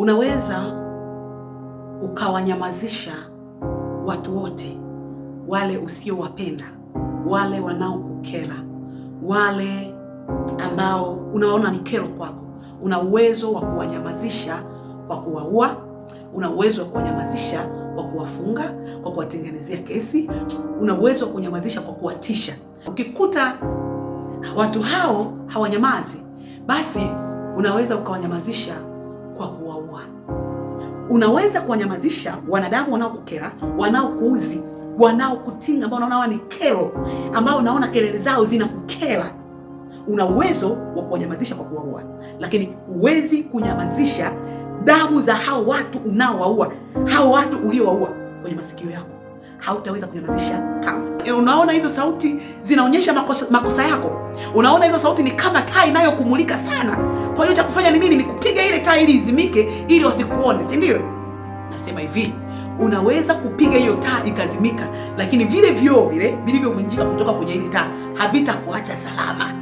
Unaweza ukawanyamazisha watu wote wale usiowapenda, wale wanaokukera, wale ambao unaona ni kero kwako. Una uwezo wa kuwanyamazisha kwa kuwaua, una uwezo wa kuwanyamazisha kwa kuwafunga, kwa kuwatengenezea kesi, una uwezo wa kunyamazisha kwa kuwatisha. Ukikuta watu hao hawanyamazi, basi unaweza ukawanyamazisha kwa kuwaua. Unaweza kuwanyamazisha wanadamu wanaokukera, wanaokuuzi, wanaokutinga, ambao unaona ni kero, ambao unaona kelele zao zinakukera. Una uwezo wa kuwanyamazisha kwa kuwaua, lakini huwezi kunyamazisha damu za hao watu unaowaua, hao watu uliowaua kwenye masikio yako hautaweza kunyamazisha kamba. E, unaona hizo sauti zinaonyesha makosa, makosa yako. Unaona hizo sauti ni kama taa inayokumulika sana. Kwa hiyo cha kufanya ni nini? Ni kupiga ile taa ili izimike, ili wasikuone, si ndio? Nasema hivi unaweza kupiga hiyo taa ikazimika, lakini vile vioo vile vilivyovunjika kutoka kwenye ile taa havitakuacha salama.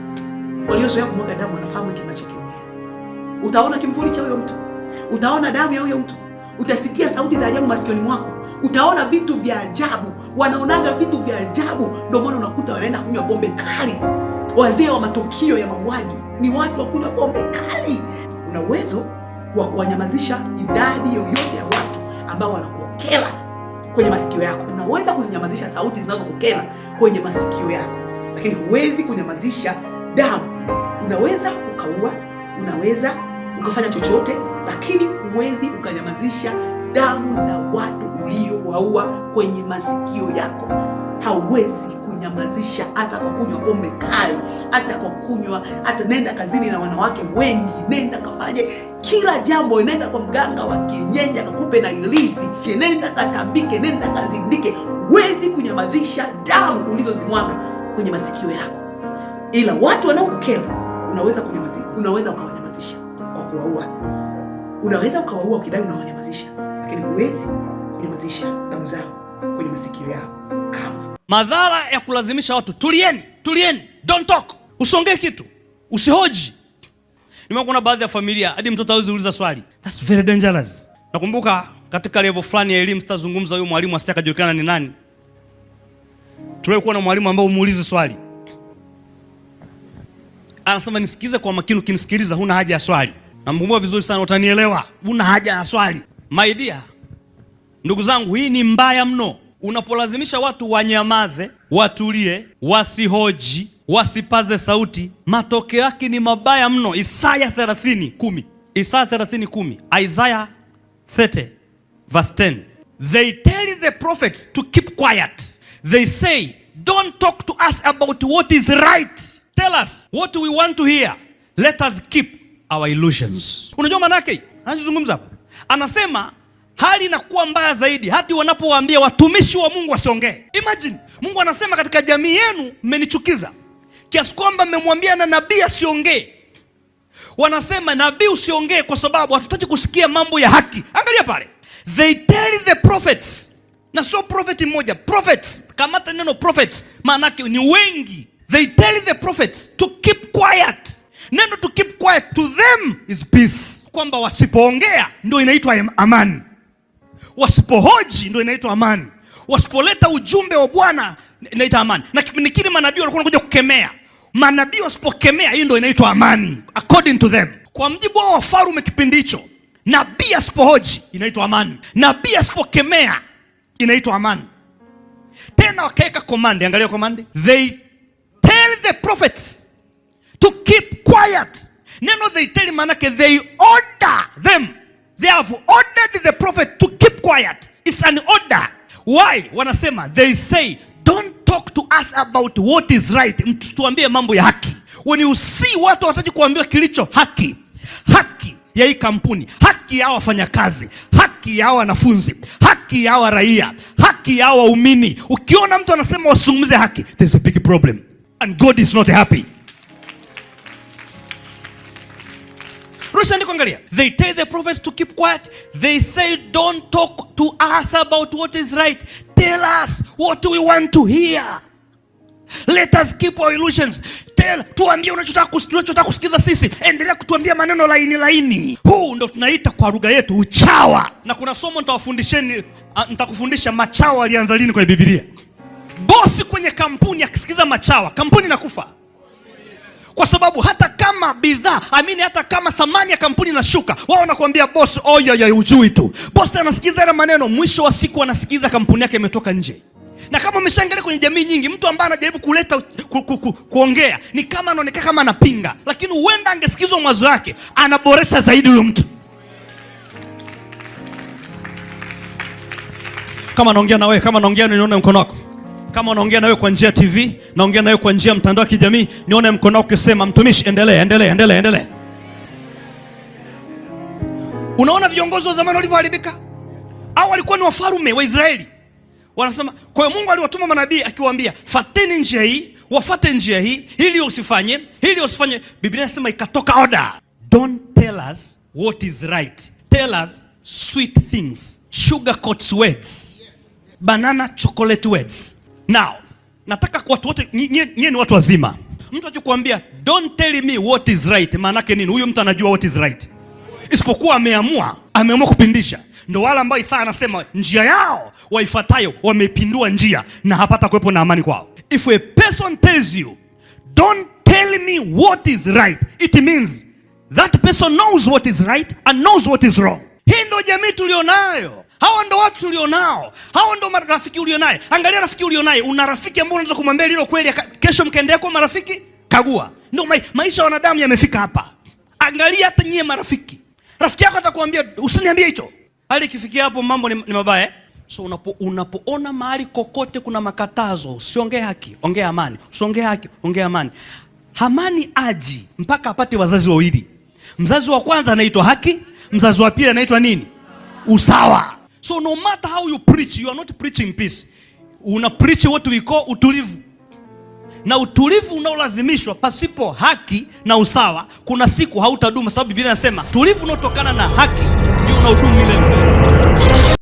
Waliozoea kumwaga damu wanafahamu kinachokiongea. Utaona kimvuli cha huyo mtu, utaona damu ya huyo mtu, utasikia sauti za ajabu masikioni mwako utaona vitu vya ajabu, wanaonaga vitu vya ajabu. Ndio maana unakuta wanaenda kunywa pombe kali. Wazee wa matukio ya mauaji ni watu wa kunywa pombe kali. Una uwezo wa kuwanyamazisha idadi yoyote ya watu ambao wanakuokela kwenye masikio yako. Unaweza kuzinyamazisha sauti zinazokukela kwenye masikio yako, lakini huwezi kunyamazisha damu. Unaweza ukaua, unaweza ukafanya chochote, lakini huwezi ukanyamazisha damu za watu uliowaua kwenye masikio yako. Hauwezi kunyamazisha hata kwa kunywa pombe kali, hata kwa kunywa, hata nenda kazini na wanawake wengi, nenda kafanye kila jambo, nenda kwa mganga wa kienyeji akakupe na ilisi, nenda katambike, nenda kazindike. Huwezi kunyamazisha damu ulizozimwaga kwenye masikio yako, ila watu wanaokukera unaweza kunyamazisha, unaweza ukawanyamazisha kwa kuwaua, unaweza ukawaua ukidai unawanyamazisha, lakini huwezi kunyamazisha damu zao kwenye masikio yao. Kama madhara ya kulazimisha watu tulieni, tulieni, don't talk, usongee kitu, usihoji. Nimekuona baadhi ya familia hadi mtoto hawezi uliza swali. That's very dangerous. Nakumbuka katika level fulani ya elimu, sitazungumza huyo mwalimu asitakajulikana ni nani. Tulikuwa na mwalimu ambao umuulize swali anasema nisikize kwa makini. Ukinisikiliza huna haja ya swali. Namkumbuka vizuri sana, utanielewa. Huna haja ya swali, my dear. Ndugu zangu, hii ni mbaya mno. Unapolazimisha watu wanyamaze, watulie, wasihoji, wasipaze sauti, matokeo yake ni mabaya mno. Isaya 30:10, Isaya 30:10, Isaiah 30 verse 10. They tell the prophets to keep quiet. They say, don't talk to us about what is right. Tell us what we want to hear. Let us keep our illusions. Unajua maana yake? Anazungumza hapa. Anasema hali inakuwa mbaya zaidi, hadi wanapowaambia watumishi wa Mungu wasiongee. Imagine Mungu anasema katika jamii yenu mmenichukiza kiasi kwamba mmemwambia na nabii asiongee. Wanasema nabii usiongee kwa sababu hatutaki kusikia mambo ya haki. Angalia pale, they tell the prophets, na sio prophet mmoja, prophets. Kamata neno prophets, maana yake ni wengi. They tell the prophets to keep quiet. Neno to keep quiet to them is peace, kwamba wasipoongea ndio inaitwa amani wasipohoji ndio inaitwa amani, wasipoleta ujumbe wa Bwana inaitwa amani. Na kipindi kile manabii walikuwa wanakuja kukemea, manabii wasipokemea, hiyo ndio inaitwa amani according to them, kwa mjibu wao wafarume kipindi hicho. Nabii asipohoji inaitwa amani, nabii asipokemea inaitwa amani. Tena wakaweka komandi, angalia komandi, they tell the prophets to keep quiet. Neno they tell maanake they order them They have ordered the prophet to keep quiet. It's an order. Why? Wanasema they say don't talk to us about what is right. Mtuambie mambo ya haki. When you see watu wataki kuambiwa kilicho haki. Haki ya hii kampuni, haki ya wafanyakazi, haki ya wanafunzi, haki ya raia, haki ya waumini. Ukiona mtu anasema wasungumze haki, there's a big problem and God is not happy. Rusha andiko, They tell the prophets to keep quiet. They say don't talk to us about what is right. Tell us what we want to hear. Let us keep our illusions. Tell, tuambie unachotaka kusikiza sisi. Endelea kutuambia maneno laini laini. Huu ndo tunaita kwa lugha yetu uchawa. Na kuna somo nitawafundisheni, ah, nitakufundisha machawa alianza lini kwenye Biblia. Bosi kwenye kampuni akisikiza machawa, kampuni inakufa kwa sababu hata kama bidhaa amini, hata kama thamani ya kampuni inashuka, wao wanakuambia boss, ya ujui tu. Boss anasikiza ile maneno, mwisho wa siku anasikiza kampuni yake imetoka nje na kama umeshaangalia kwenye jamii nyingi, mtu ambaye anajaribu kuleta ku, ku, ku, kuongea ni kama anaonekana kama anapinga, lakini huenda angesikizwa mwazo wake, anaboresha zaidi huyo mtu. Kama naongea na wewe, kama naongea, nione mkono wako kama unaongea nawe kwa njia TV, naongea nawe kwa njia mtandao wa kijamii, nione mkono wako ukisema, mtumishi, endelea, endelea, endelea, endelea. Unaona viongozi wa zamani walivyoharibika, au walikuwa ni wafalme wa Israeli. Wanasema, kwa hiyo Mungu aliwatuma manabii akiwaambia, fateni njia hii, wafate njia hii, hili usifanye, hili usifanye. Biblia inasema ikatoka oda, Don't tell us what is right. Tell us sweet things. sugar coat words. Banana chocolate words. Now, nataka kwa watu wote nyie ni watu wazima. Mtu akikwambia don't tell me what is right, maana yake nini? Huyu mtu anajua what is right. Isipokuwa ameamua, ameamua kupindisha. Ndio wale ambao Isaya anasema njia yao waifuatayo wamepindua njia na hapata kuwepo na amani kwao. If a person tells you don't tell me what is right, it means that person knows what is right and knows what is wrong ndo jamii tulionayo, hawa ndo watu tulionao, hawa ndo marafiki ulionaye. Angalia rafiki ulionaye, una rafiki ambao unaweza kumwambia lilo kweli, kesho mkaendelea kuwa marafiki? Kagua, ndio maisha ya wanadamu yamefika hapa. Angalia hata nyie marafiki, rafiki yako atakwambia usiniambie hicho, hali ikifikia hapo mambo ni, ni mabaya. Eh? So unapo, unapoona mahali kokote kuna makatazo, usiongee haki, ongea amani, usiongee haki, ongea amani. Hamani aji mpaka apate wazazi wawili. Mzazi wa kwanza anaitwa haki mzazi wa pili anaitwa nini? Usawa. So no matter how you preach, you are not preaching peace. Una preach what we call utulivu, na utulivu unaolazimishwa pasipo haki na usawa, kuna siku hautadumu, sababu Biblia inasema tulivu unaotokana na haki ndio unaodumu milele.